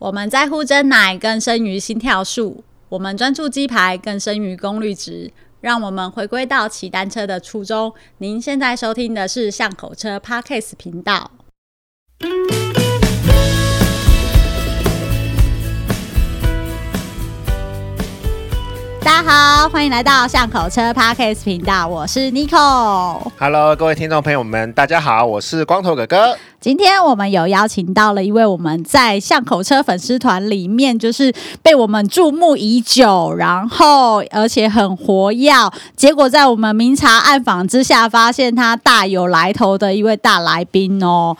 我們在乎真奶更勝於心跳數，我們專注雞排更勝於功率值，讓我們回歸到騎單車的初衷。您現在收聽的是巷口車 Podcast 頻道。大家好，歡迎來到巷口車 Podcast 頻道，我是 Nico。Hello，各位聽眾朋友們，大家好，我是光頭哥哥。今天我們有邀請到了一位我們在巷口車粉絲團裡面就是被我們注目已久，然後而且很活躍，結果在我們明察暗訪之下，發現他大有來頭的一位大來賓哦。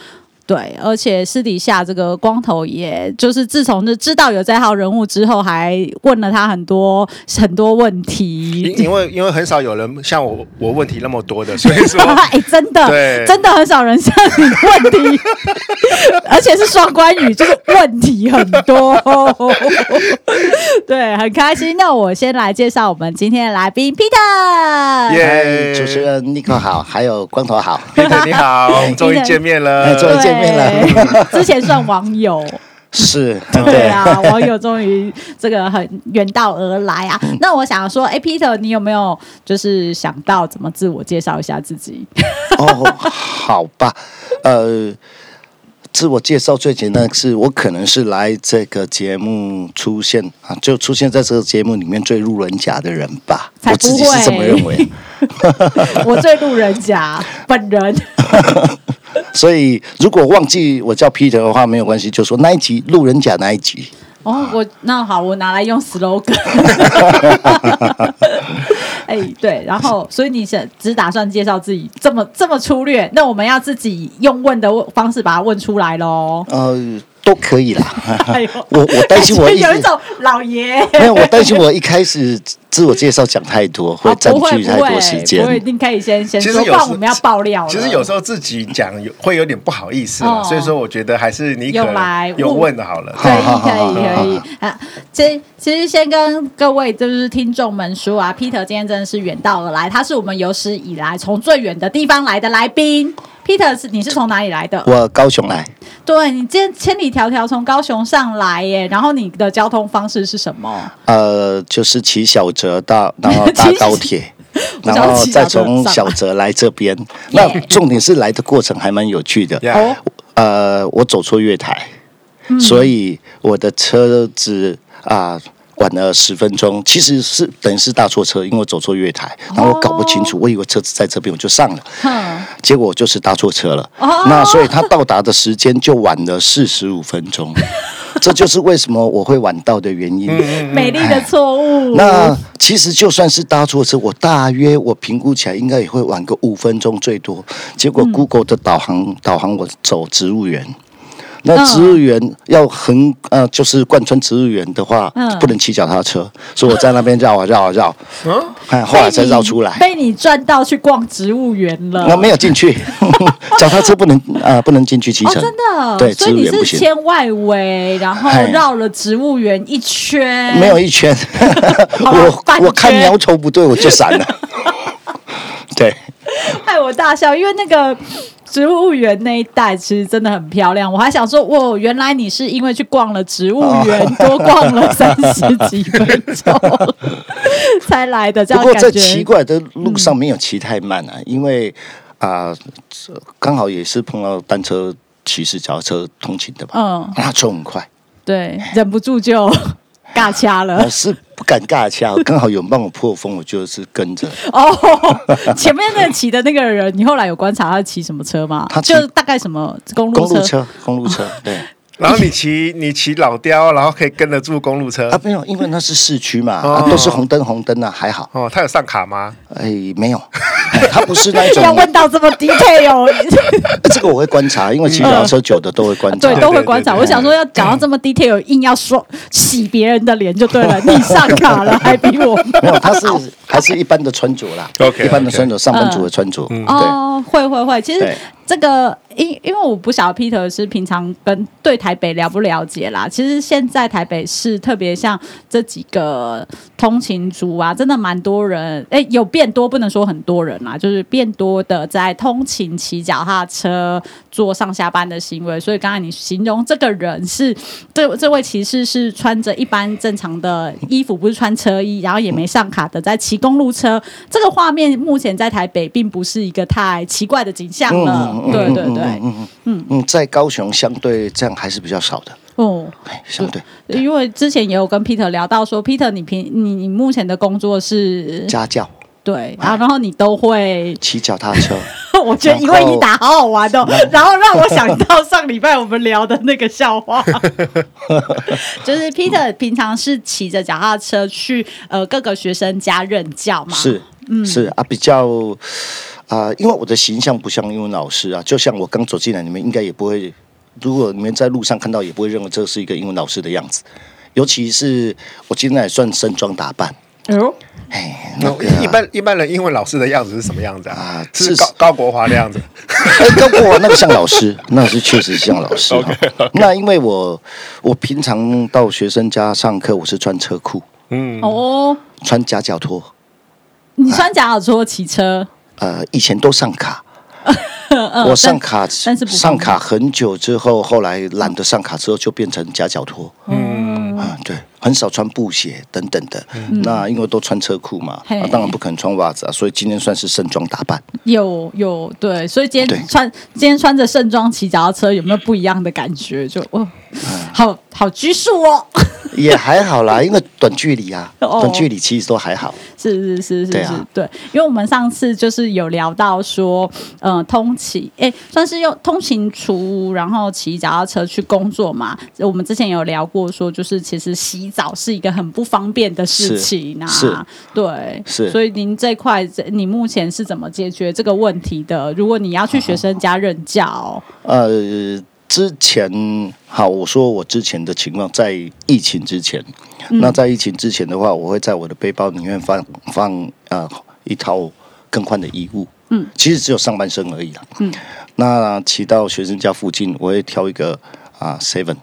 對，而且私底下這個光頭，也就是自從是知道有這號人物之後，還問了他很多很多問題。因，因為因為很少有人像我我問題那麼多的，所以說哎 欸，真的，對，真的很少人像你問題， 而且是雙關語，就是問題很多。 對，很開心。那我先來介紹我們今天的來賓 Peter，耶，Yeah. 主持人妮可好，還有光頭好，Peter 你好，我們 對終於見面了，終於見面。之前算網友，是對，對啊，網友終於這個很遠道而來啊。那我想說，哎，Peter，你有沒有就是想到怎麼自我介紹一下自己？哦，好吧，呃，自我介紹最簡單的是，我可能是來這個節目出現啊，就出現在這個節目裡面最路人甲的人吧。才不會，我自己是這麼認為。我最路人甲本人。 所以，如果忘記我叫 Peter 的話，沒有關係，就說那一集《路人甲》那一集。哦，我那好，我拿來用 slogan。 哎，對，然後，所以你只打算介紹自己這麼這麼粗略，那我們要自己用問的方式把它問出來嘍。呃。都可以啦，我我擔心我有一種老爺，沒有我擔心我一開始自我介紹講太多，會佔據太多時間。我一定可以先先說，幫我們要爆料。其實有時候自己講有會有點不好意思，所以說我覺得還是你來有問的好了。可以可以可以啊，其實其實先跟各位就是聽眾們說啊，Peter 今天真的是遠道而來，他是我們有史以來從最遠的地方來的來賓。Peter 你是從哪裡來的？我高雄來。對，你今天千里迢迢從高雄上來耶，然後你的交通方式是什麼？呃，就是騎小折到，然後搭高鐵， 然後再從小折來這邊。 那重點是來的過程還蠻有趣的。哦。Yeah. 呃，我走錯月台， 嗯、所以我的車子啊。呃晚了十分鐘，其實是等於是搭錯車，因為我走錯月台，然後我搞不清楚，Oh. 我以為車子在這邊，我就上了，Huh. 結果就是搭錯車了。Oh. 那所以他到達的時間就晚了四十五分鐘， 這就是為什麼我會晚到的原因。 美麗的錯誤。那其實就算是搭錯車，我大約我評估起來應該也會晚個五分鐘最多。結果 Google 的導航、嗯、導航我走植物園。那植物園要橫呃，就是貫穿植物園的話，不能騎腳踏車，所以我在那邊繞啊繞啊繞，哎後來才繞出來。被你轉到去逛植物園了，那沒有進去，腳踏車不能呃不能進去騎車。真的，對，植物園不行。所以你是牽外圍，然後繞了植物園一圈，沒有一圈，我我看苗頭不對，我就閃了。對，害我大笑，因為那個。植物園那一帶其實真的很漂亮，我還想說，哦，原來你是因為去逛了植物園，哦，多逛了三十幾分鐘 才來的，這樣感覺。不過奇怪的路上沒有騎太慢啊，嗯、因為啊，剛、呃、好也是碰到單車騎士、腳踏車通勤的吧，嗯、啊，那車很快，對，忍不住就。 尬掐了，呃，我是不敢尬掐，剛好有人幫我破風， 我就是跟着。哦，前面那騎的那個人， 你後來有觀察他騎什麼車嗎？他騎騎大概什麼公路，公路車？公路車，公路車，對。然後你騎你騎老雕，然後可以跟得住公路車啊？沒有，因為那是市區嘛，都是紅燈紅燈啊，還好。哦，他有上卡嗎？哎，沒有，他不是那種。要問到這麼 detail 哦？這個我會觀察，因為騎摩托車久的都會觀察，對，都會觀察。我想說要講到這麼 detail 有硬要說洗別人的臉就對了。你上卡了，還比我沒有？他是還是一般的穿着啦，一般的穿着，上班族的穿着。哦，會會會，其實。這個因因為我不曉得 Peter 是平常跟對台北了不了解啦。其實現在台北是特別像這幾個通勤族啊，真的蠻多人，誒，有變多，不能說很多人啦、啊，就是變多的在通勤騎腳踏車、坐上下班的行為。所以剛才你形容這個人是這這位騎士是穿着一般正常的衣服，不是穿車衣，然後也沒上卡的，在騎公路車。這個畫面目前在台北並不是一個太奇怪的景象了。對對對，嗯嗯嗯，在高雄相對這樣還是比較少的哦，相對。因為之前也有跟 Peter 聊到說，Peter 你平你你目前的工作是家教。對，然後然後你都會騎腳踏車。我覺得因為你打好好玩哦，然後讓我想到上禮拜我們聊的那個笑話，就是 Peter 平常是騎着腳踏車去呃各個學生家任教嘛，是嗯是啊比較。啊、呃，因為我的形象不像英文老師啊，就像我剛走進來，你們應該也不會。如果你們在路上看到，也不會認為這是一個英文老師的樣子。尤其是我今天還算盛裝打扮。嗯、哎呦，哎，那個啊哦、一般一般人英文老師的樣子是什麼樣子啊？呃、是，是高高國華那樣子、哎。高國華那個像老師， 那是確實像老師、啊、 okay, okay. 那因為我我平常到學生家上課，我是穿車褲。嗯，哦，穿夾腳拖。你穿夾腳拖騎車？呃、以前都上卡， 嗯、我上卡上卡很久之後，後來懶得上卡之後，就變成夾腳拖。嗯啊、嗯，對，很少穿布鞋等等的。嗯、那因為都穿車褲嘛、嗯啊，當然不可能穿襪子啊。嘿所以今天算是盛裝打扮。有有對，所以今天穿對今天穿着盛裝騎腳踏車，有沒有不一樣的感覺？就哦，嗯、好好拘束哦。 也還好啦，因為短距離啊，哦、短距離其實都還好。是是是是是，對，啊、對，因為我們上次就是有聊到說，呃，通勤，哎、欸，算是用通勤車，然後騎腳踏車去工作嘛。我們之前有聊過說，就是其實洗澡是一個很不方便的事情啊，對，是。對是所以您這塊，你目前是怎麼解決這個問題的？如果你要去學生家任教，哦、呃。之前，好，我說我之前的情況在疫情之前，嗯、那在疫情之前的話，我會在我的背包裡面放放啊、呃、一套更換的衣物，嗯，其實只有上半身而已啊，嗯，那騎到學生家附近，我會挑一個啊 seven、呃、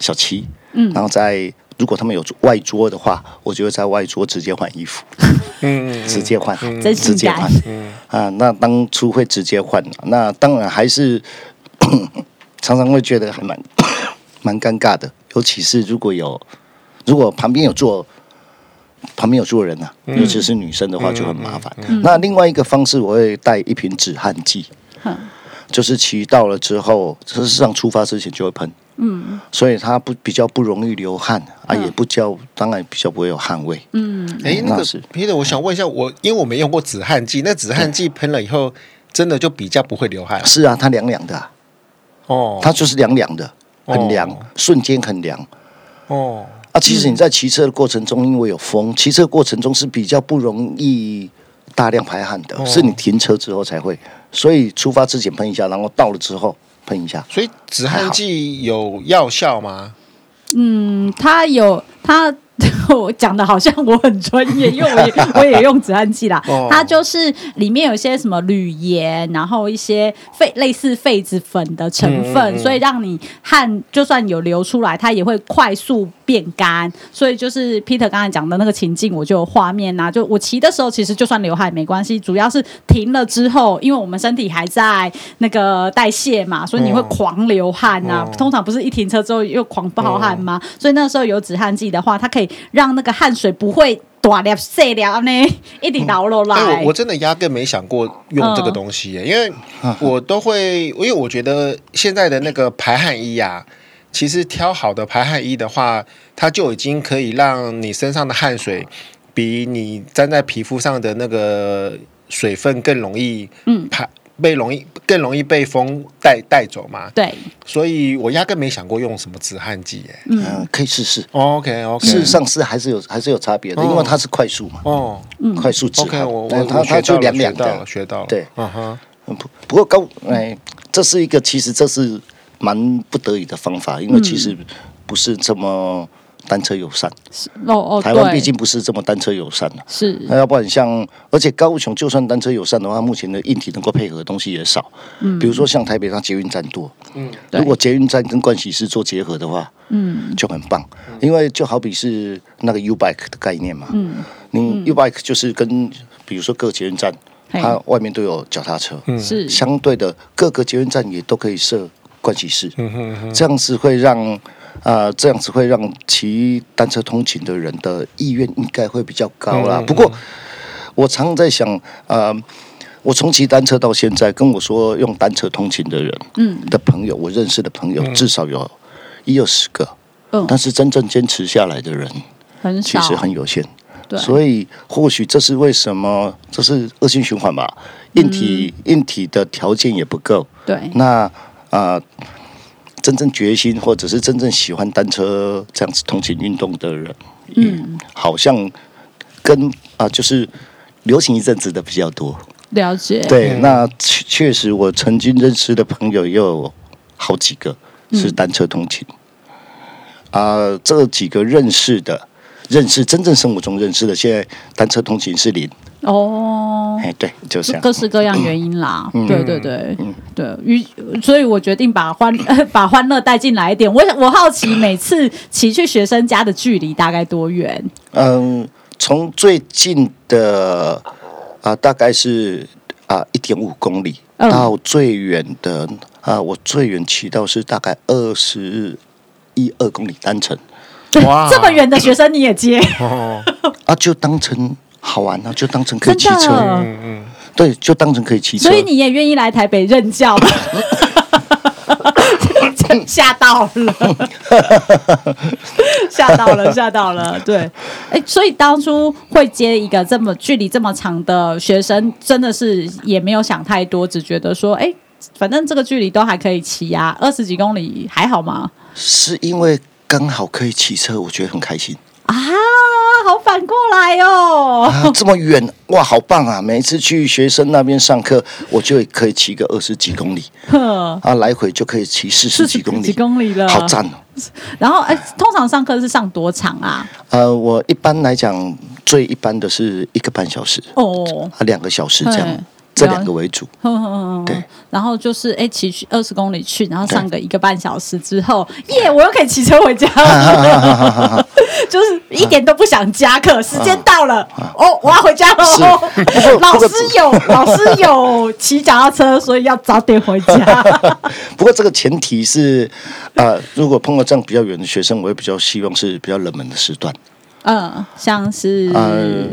小七，嗯，然後在如果他們有外桌的話，我就會在外桌直接換衣服，嗯，嗯嗯 直接換，直接換，啊、呃，那當初會直接換，那當然還是。 常常會覺得還蠻蠻尷尬的，尤其是如果有如果旁邊有坐旁邊有坐人吶、啊，嗯、尤其是女生的話就很麻煩。嗯嗯嗯、那另外一個方式，我會帶一瓶止汗劑，嗯、就是騎到了之後，事、就、實、是、上出發之前就會噴。嗯，所以它不比較不容易流汗、嗯、啊，也不叫當然比較不會有汗味。嗯，哎誒，那個那是 Peter，我想問一下，我因為我沒用過止汗劑，那止汗劑噴了以後，嗯、真的就比較不會流汗？是啊，它涼涼的、啊。哦，它就是涼涼的，很涼，瞬間很涼。哦，哦啊，其實你在騎車的過程中，因為有風，騎、嗯、車過程中是比較不容易大量排汗的，哦、是你停車之後才會。所以出發之前噴一下，然後到了之後噴一下。所以止汗劑有藥效嗎？嗯，它有它。我講的好像我很專業，因為我也我也用止汗劑啦。哦、它就是裡面有一些什麼鋁鹽，然後一些廢類似痱子粉的成分，嗯、所以讓你汗就算有流出來，它也會快速變乾。所以就是 Peter 剛才講的那個情境，我就有畫面吶、啊。就我騎的時候，其實就算流汗沒關係，主要是停了之後，因為我們身體還在那個代謝嘛，所以你會狂流汗吶、啊。嗯、通常不是一停車之後又狂爆汗嗎？嗯、所以那時候有止汗劑的話，它可以。讓那個汗水不會大粒、小粒呢，一定倒落來。嗯、我我真的壓根沒想過用這個東西、欸。嗯、因為我都會，因為我覺得現在的那個排汗衣啊，其實挑好的排汗衣的話，它就已經可以讓你身上的汗水比你沾在皮膚上的那個水分更容易嗯排。嗯被容易更容易被風帶帶走嘛？對，所以我壓根沒想過用什麼止汗劑耶。嗯，可以試試。OK OK，事實上是還是有還是有差別的，因為它是快速嘛。哦，嗯，快速止汗，它它就涼涼的，學到了。對，嗯，不不過，高哎，這是一個其實這是蠻不得已的方法，因為其實不是這麼。單車友善，是台灣畢竟不是這麼單車友善的、啊，是那要不然像，而且高雄就算單車友善的話，目前的硬體能夠配合的東西也少，嗯、比如說像台北它捷運站多，嗯、如果捷運站跟盥洗室做結合的話，嗯、就很棒，因為就好比是那個 U bike 的概念嘛，嗯，你 U bike 就是跟比如說各個捷運站嘿它外面都有腳踏車，嗯、是相對的各個捷運站也都可以設盥洗室，嗯、哼哼這樣子會讓。啊、呃，這樣子會讓騎單車通勤的人的意願應該會比較高啦。嗯嗯嗯。不過，我常在想，呃，我從騎單車到現在，跟我說用單車通勤的人，嗯，的朋友，我認識的朋友、嗯、至少有一二十個，嗯、但是真正堅持下來的人很少，嗯、其實很有限。對，所以或許這是為什麼，這是惡性循環吧。硬體、嗯、硬體的條件也不夠，對，那啊。呃真正決心，或者是真正喜歡單車這樣子通勤運動的人，嗯，嗯，好像跟啊、呃，就是流行一陣子的比較多。了解，對，那確確實我曾經認識的朋友也有好幾個是單車通勤，啊、嗯呃，這幾個認識的，認識真正生活中認識的，現在單車通勤是零。哦，哎，對，就是各式各樣原因啦，嗯、對對對，嗯，對，嗯、於所以，我決定把歡把歡樂帶進來一點。我想我好奇，每次騎去學生家的距離大概多遠？嗯，從最近的、啊、大概是啊一點五公里，嗯、到最遠的啊，我最遠騎到是大概二十一二公里單程。哇，這麼遠的學生你也接？ 啊，就當成。好玩呢，啊，就當成可以騎車，的對，就當成可以騎車。所以你也願意來台北任教嗎？嚇 到了，嚇 到了，嚇到了。對，哎，欸，所以當初會接一個這麼距離這麼長的學生，真的是也沒有想太多，只覺得說，哎，欸，反正這個距離都還可以騎啊，二十幾公里還好嗎？是因為剛好可以騎車，我覺得很開心啊，好煩。呃、這麼遠哇，好棒啊！每一次去學生那邊上課，我就可以騎個二十幾公里，呵啊，來回就可以騎四十幾公里，幾公里了，好讚哦！然後，哎，通常上課是上多長啊？呃，我一般來講，最一般的是一個半小時哦，啊，oh, 兩個小時這樣。這兩個為主，對，然後就是哎騎去二十公里去，然後上個一個半小時之後，耶，我又可以騎車回家了，就是一點都不想加課，時間到了，哦，我要回家了。老師有老師有騎腳踏車，所以要早點回家。不過這個前提是呃，如果碰到這樣比較遠的學生，我也比較希望是比較冷門的時段。嗯、呃，像是、呃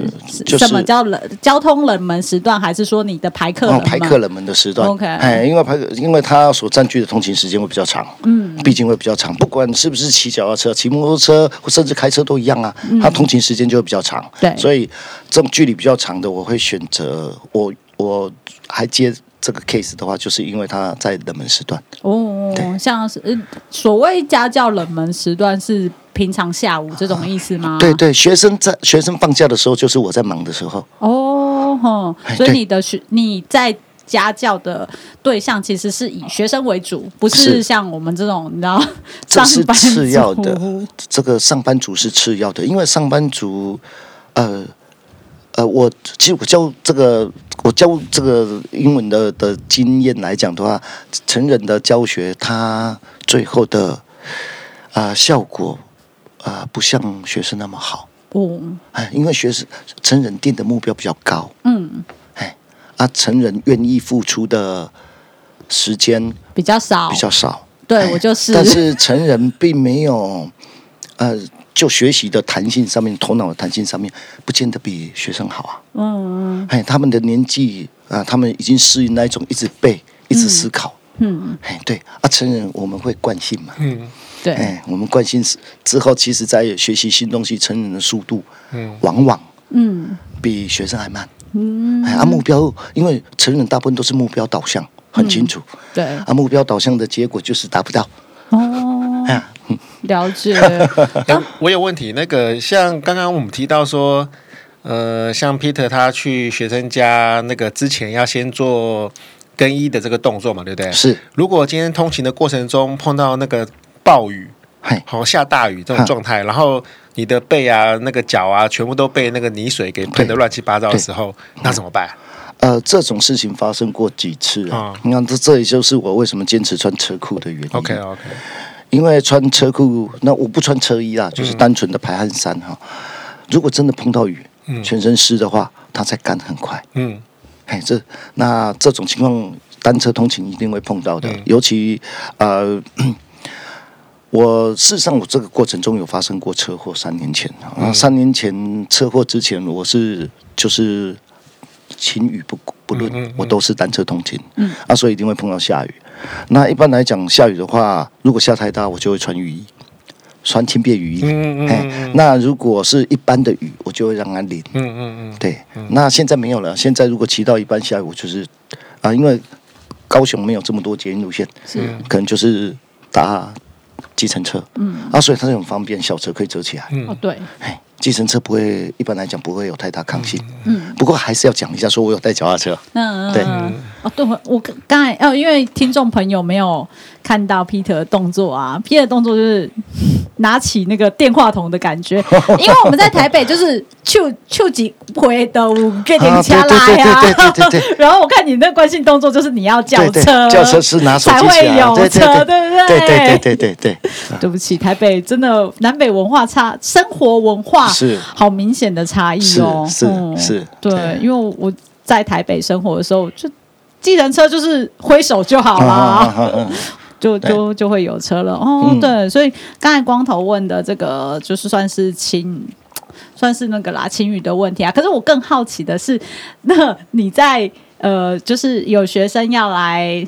就是、什麼叫冷交通冷門時段，還是說你的排課？排課冷門的時段。OK，哎、欸，因為排課，因為他所占據的通勤時間會比較長，嗯，畢竟會比較長。不管是不是騎腳踏車、騎摩托車，或甚至開車都一樣啊，嗯、他通勤時間就會比較長。對，所以這種距離比較長的，我會選擇我我還接這個 case 的話，就是因為他在冷門時段。哦，對像是嗯、呃，所謂家教冷門時段是。平常下午這種意思嗎、哦？對對，學生在學生放假的時候，就是我在忙的時候。哦，嗯、所以你的學對你在家教的對象，其實是以學生為主，不是像我們這種是你知道？上班這是次要的，這個上班族是次要的，因為上班族，呃呃，我其實我教這個我教這個英文的的經驗來講的話，成人的教學，他最後的啊、呃、效果。呃、不像學生那麼好哦。不哎，因為學生成人定的目標比較高。嗯。哎，啊，成人願意付出的時間比較少，比較少。對、哎、我就是。但是成人並沒有，呃，就學習的彈性上面，頭腦的彈性上面，不見得比學生好啊。嗯。哎，他們的年紀啊、呃，他們已經適應那一種一直背，一直思考。嗯。嗯哎，對啊，成人我們會慣性嘛。嗯。對、欸，我們關心之之後，其實，在學習新東西，成人的速度，嗯，往往，嗯，比學生還慢，嗯，嗯、欸，啊，目標，因為成人大部分都是目標導向，很清楚，嗯、對，啊，目標導向的結果就是達不到，哦，哎、啊，嗯、了解、啊嗯，我有問題，那個，像剛剛我們提到說，呃，像 Peter 他去學生家那個之前要先做更衣的這個動作嘛，對不對？是，如果今天通勤的過程中碰到那個。暴雨，好下大雨這種狀態，然後你的背啊、那個腳啊，全部都被那個泥水給噴得亂七八糟的時候，那怎麼辦？呃，這種事情發生過幾次啊？你看，這這也就是我為什麼堅持穿車褲的原因。OK OK，因為穿車褲，那我不穿車衣啊，就是單純的排汗衫哈。如果真的碰到雨，全身濕的話，它才乾很快。嗯，這那這種情況，單車通勤一定會碰到的，尤其呃。我事實上，我這個過程中有發生過車禍。三年前，嗯、啊，三年前車禍之前，我是就是晴雨不不論，嗯嗯嗯、我都是單車通勤，嗯、啊，所以一定會碰到下雨。那一般來講，下雨的話，如果下太大，我就會穿雨衣，穿輕便雨衣、嗯。嗯嘿嗯。那如果是一般的雨，我就會讓它淋。嗯嗯嗯。嗯嗯對。嗯、那現在沒有了。現在如果騎到一半下雨，我就是啊，因為高雄沒有這麼多捷運路線，是、啊，可能就是搭。計程車，嗯，啊，所以它是很方便，小車可以折起來，嗯，對，計程車不會，一般來講不會有太大抗性，嗯，嗯不過還是要講一下，說我有帶腳踏車，那對嗯，對，哦，對，我剛才，哦，因為聽眾朋友沒有。看到 Peter 的動作啊，Peter 的動作就是拿起那個電話筒的感覺，因為我們在台北就是就就幾回都給人家拉呀。對對，對，對，對，對 然後我看你那慣性動作就是你要叫車，對對對叫車是拿手機，啊、才會有車，對，對，對，對不對？對對對對對對。對不起，台北真的南北文化差，生活文化是好明顯的差異哦。是是。對，對因為我在台北生活的時候，就計程車就是揮手就好了。嗯好好嗯就就對就會有車了哦，嗯、對，所以剛才光頭問的這個就是算是情算是那個啦，情侶的問題啊。可是我更好奇的是，那你在呃，就是有學生要來，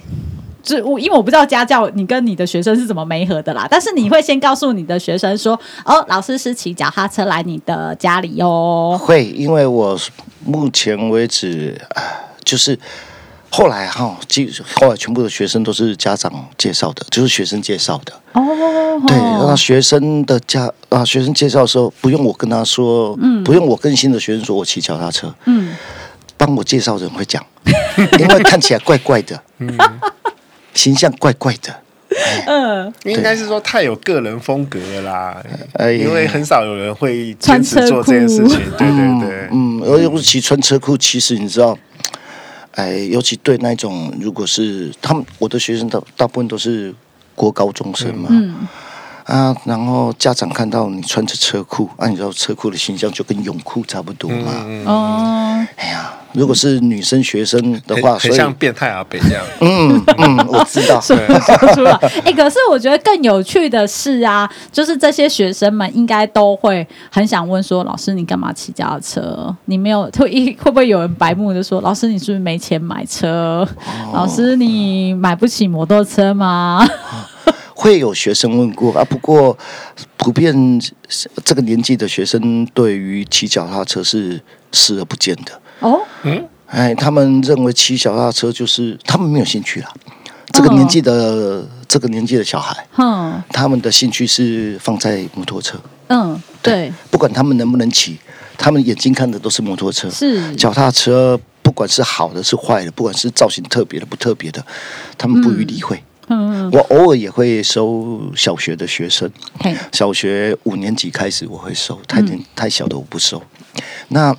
就我因為我不知道家教你跟你的學生是怎麼媒合的啦。但是你會先告訴你的學生說，嗯、哦，老師是騎腳踏車來你的家裡喲。會，因為我目前為止就是。後來哈，就後來全部的學生都是家長介紹的，就是學生介紹的。哦。Oh, oh, oh, oh. 對，讓學生的家啊，學生介紹的時候不用我跟他說，嗯，不用我跟新的學生說，我騎腳踏車，嗯，幫我介紹的人會講， 因為看起來怪怪的，嗯， 形象怪怪的，嗯、 欸，應該是說太有個人風格了啦，欸、因為很少有人會堅持做這件事情，對對對，對，嗯，而尤其穿車褲，其實你知道。哎，尤其對那種，如果是他們，我的學生的大、大部分都是國高中生嘛，嗯、啊，然後家長看到你穿着車褲，啊，你知道車褲的形象就跟泳褲差不多嘛，哦。如果是女生學生的話，很、嗯、以像變態啊，別這樣。嗯嗯，我知道。說出來哎、欸，可是我覺得更有趣的是啊，就是這些學生們應該都會很想問說：“老師，你幹嘛騎腳踏車？你沒有特意會不會有人白目的說：‘老師，你是不是沒錢買車？老師，你買不起摩托車嗎？’”哦嗯、會有學生問過啊，不過普遍這個年紀的學生對於騎腳踏車是視而不見的。哦，嗯，哎，他們認為騎腳踏車就是他們沒有興趣了。這個年紀的、哦、這個年紀的小孩，嗯，他們的興趣是放在摩托車。嗯，對，對，不管他們能不能騎，他們眼睛看的都是摩托車。是，腳踏車不管是好的是壞的，不管是造型特別的不特別的，他們不予理會。嗯嗯，嗯我偶爾也會收小學的學生，嘿小學五年級開始我會收，太年、嗯、太小的我不收。那，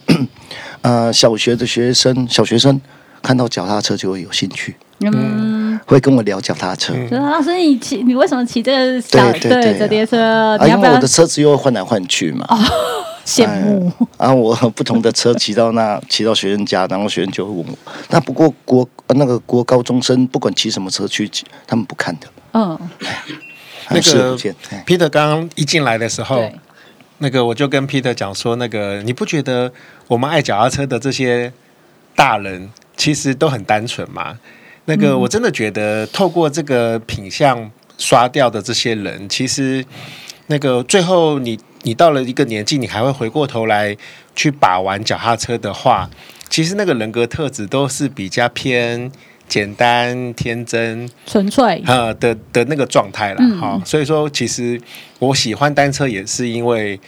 呃，小學的學生，小學生看到腳踏車就會有興趣，嗯，會跟我聊腳踏車。老師、嗯，啊、你騎，你為什麼騎這個小對,對,對,對折疊車、啊？因為我的車子又換來換去嘛。哦、啊，羨慕。然後、哎啊、我不同的車騎到那，騎到學生家，然後學生就會問我。那不過國那個國高中生，不管騎什麼車去，他們不看的。嗯。哎、那個、哎、Peter 剛,剛一進來的時候。對那個，我就跟 Peter 講說，那個你不覺得我們愛腳踏車的這些大人其實都很單純嗎？那個我真的覺得，透過這個品相刷掉的這些人，嗯、其實那個最後你你到了一個年紀，你還會回過頭來去把玩腳踏車的話，其實那個人格特質都是比較偏。簡單、天真、純粹啊的的那個狀態了哈，所以說其實我喜歡單車也是因為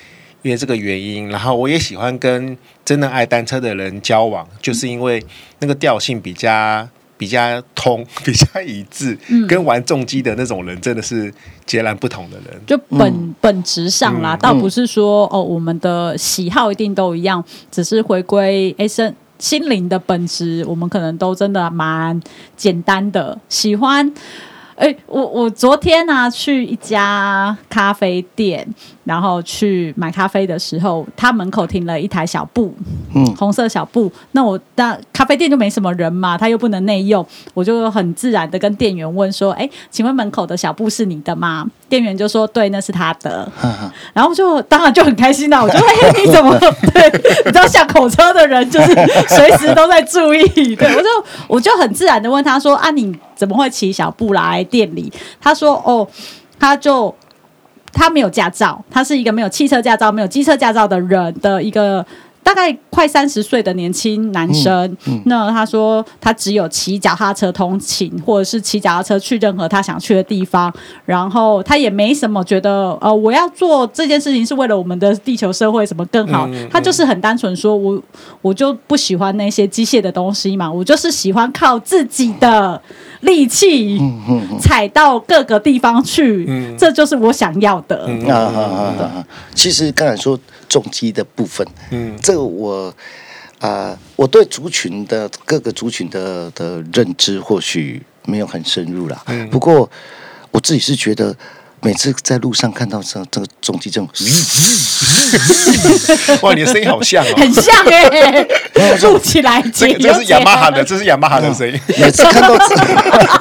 因為這個原因，然後我也喜歡跟真的愛單車的人交往，就是因為那個調性比較比較通、比較一致，跟玩重機的那種人真的是截然不同的人。就本本質上啦，倒不是說哦我們的喜好一定都一樣，只是回歸哎生。心靈的本質，我們可能都真的蠻簡單的。喜歡，誒、欸，我我昨天啊去一家咖啡店。然後去買咖啡的時候，他門口停了一台小布，嗯，紅色小布。那我當咖啡店就沒什麼人嘛，他又不能內用，我就很自然的跟店員問說：“哎，請問門口的小布是你的嗎？”店員就說：“對，那是他的。呵呵”然後就當然就很開心啦。我就：“哎，你怎麼對？你知道巷口車的人就是隨時都在注意。”對，我就我就很自然的問他說：“啊，你怎麼會騎小布來店裡？”他說：“哦，他就。”他沒有駕照，他是一個沒有汽車駕照、沒有機車駕照的人的一個。大概快三十歲的年輕男生，嗯嗯、那他說他只有騎腳踏車通勤，或者是騎腳踏車去任何他想去的地方，然後他也沒什麼覺得呃，我要做這件事情是為了我們的地球社會什麼更好，嗯嗯、他就是很單純說我，我我就不喜歡那些機械的東西嘛，我就是喜歡靠自己的力氣踩到各個地方去，嗯嗯嗯、這就是我想要的。啊啊啊！其實剛才說。重機的部分，嗯，這個我啊、呃，我對族群的各個族群的的認知或許沒有很深入啦，嗯，不過我自己是覺得，每次在路上看到這這個重機這種，嗯、哇，你的聲音好像、哦，很像哎、欸，錄、嗯、起來，說這這是雅馬哈的，這是雅馬哈的聲音，每次、嗯、看到。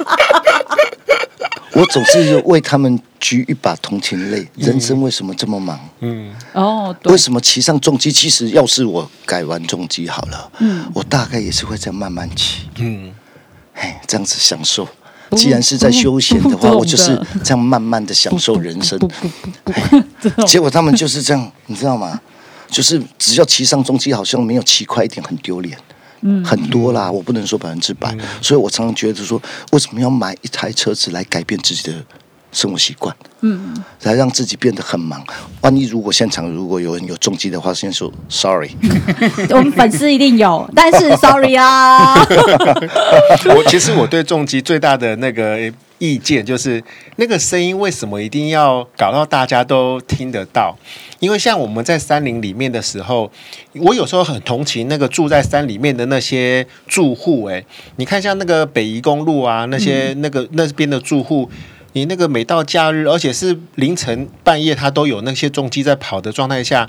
我總是為他們掬一把同情淚。人生為什麼這麼忙？嗯、mm，哦、hmm.，為什麼騎上重機？其實要是我改完重機好了，mm hmm. 我大概也是會這樣慢慢騎。嗯、mm，哎、hmm.，這樣子享受。既然是在休閒的話，不 questions. 我就是這樣慢慢的享受人生。bugs 結果他們就是這樣，你知道嗎？ 就是只要騎上重機，好像沒有騎快一點很丟臉。很多啦，嗯、我不能說百分之百，嗯、所以我常常覺得說，為什麼要買一台車子來改變自己的生活習慣？嗯嗯，來讓自己變得很忙。萬一如果現場如果有人有重機的話，先說 sorry。 我們粉絲一定有， 但是 sorry 啊。我其實我對重機最大的那個。意見就是那個聲音為什麼一定要搞到大家都聽得到？因為像我們在山林裡面的時候，我有時候很同情那個住在山裡面的那些住戶。欸，你看像那個北宜公路啊，那些那個那邊的住戶，你那個每到假日，而且是凌晨半夜，他都有那些重機在跑的狀態下，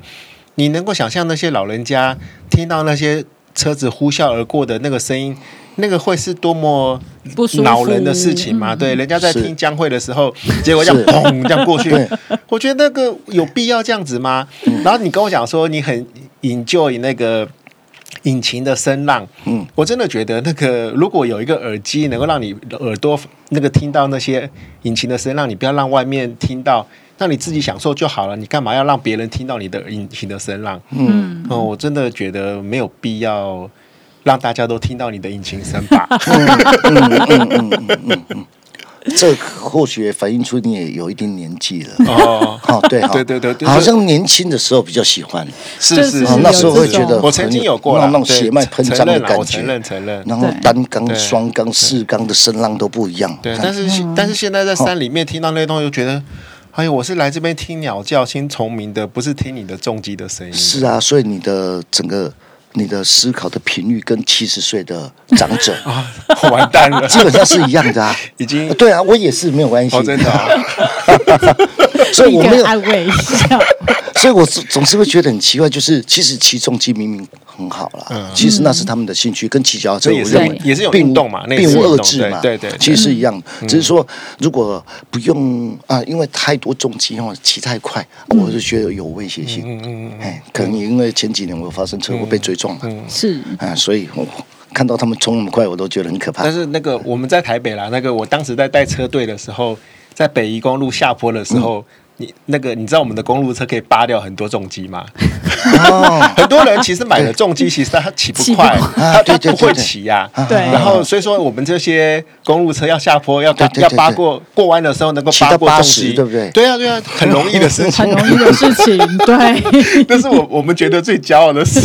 你能夠想象那些老人家聽到那些車子呼嘯而過的那個聲音。那個會是多麼惱人的事情嗎？嗯、對，人家在聽江蕙的時候，是結果這樣砰是這樣過去，對我覺得那個有必要這樣子嗎？對然後你跟我講說你很 enjoy 那個引擎的聲浪，嗯、我真的覺得那個如果有一個耳機能夠讓你的耳朵那個聽到那些引擎的聲浪，你不要讓外面聽到，讓你自己享受就好了。你幹嘛要讓別人聽到你的引擎的聲浪？嗯，嗯，嗯，我真的覺得沒有必要。讓大家都聽到你的引擎聲吧 嗯。嗯嗯嗯嗯嗯嗯嗯，這個、或許反映出你也有一定年紀了。哦哦，對,好,對,對,對,對好像年輕的時候比較喜歡，是是,是、哦，那時候會覺得我曾經有過那種血脈噴張的感覺。承認承認，認然後單缸、對雙缸、四缸的聲浪都不一樣。對，看但是、嗯、但是現在在山裡面聽到那些東西，又覺得，哎呀，我是來這邊聽鳥叫、聽蟲鳴的，不是聽你的重機的聲音的。是啊，所以你的整個。你的思考的頻率跟七十歲的長者啊，哦，完蛋了，基本上是一樣的啊，已經。對啊，我也是沒有關係，好真的，啊。 所以我沒有安慰一下，所以我總總是會覺得很奇怪，就是其實騎重機明明很好了，其實那是他們的興趣，跟騎腳踏車也是也是有運動嘛，並無二致嘛，對對，其實是一樣，只是說如果不用啊，因為太多重機哦，騎太快，我就覺得有危險性，嗯嗯哎，可能也因為前幾年我發生車禍被追撞了，是啊，所以我看到他們衝那麼快，我都覺得很可怕。但是那個我們在台北啦，那個我當時在帶車隊的時候。在北宜公路下坡的時候，你那個你知道我們的公路車可以扒掉很多重機嗎？很多人其實買了重機，其實他騎不快，他他不會騎呀。對。然後所以說我們這些公路車要下坡要要扒過過彎的時候能夠扒過重機，對不對？對啊對啊，很容易的事情，很容易的事情，對。但是我我們覺得最驕傲的事。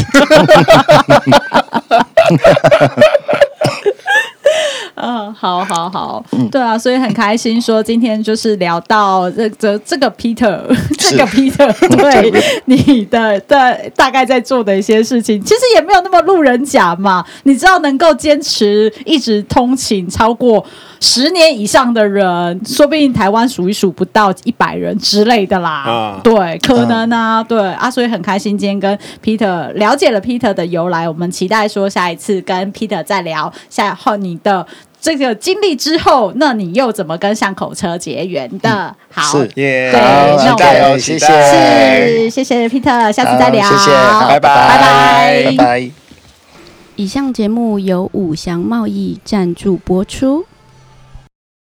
Uh, 好好好，嗯，好，好，好，對啊，所以很開心說今天就是聊到這這這個 Peter， 這個 Peter，是 對 你的對大概在做的一些事情，其實也沒有那麼路人甲嘛。你知道能夠堅持一直通勤超過十年以上的人，說不定台灣數一數不到一百人之類的啦。啊、對，可能啊，對啊，所以很開心今天跟 Peter 了解了 Peter 的由來，我們期待說下一次跟 Peter 再聊，下，後你的。這個經歷之後，那你又怎麼跟巷口車結緣的？嗯、好，是，對好那我們謝謝，是，謝謝 Peter，下次再聊，謝謝，拜拜，拜拜，拜拜。以上節目由五祥貿易贊助播出。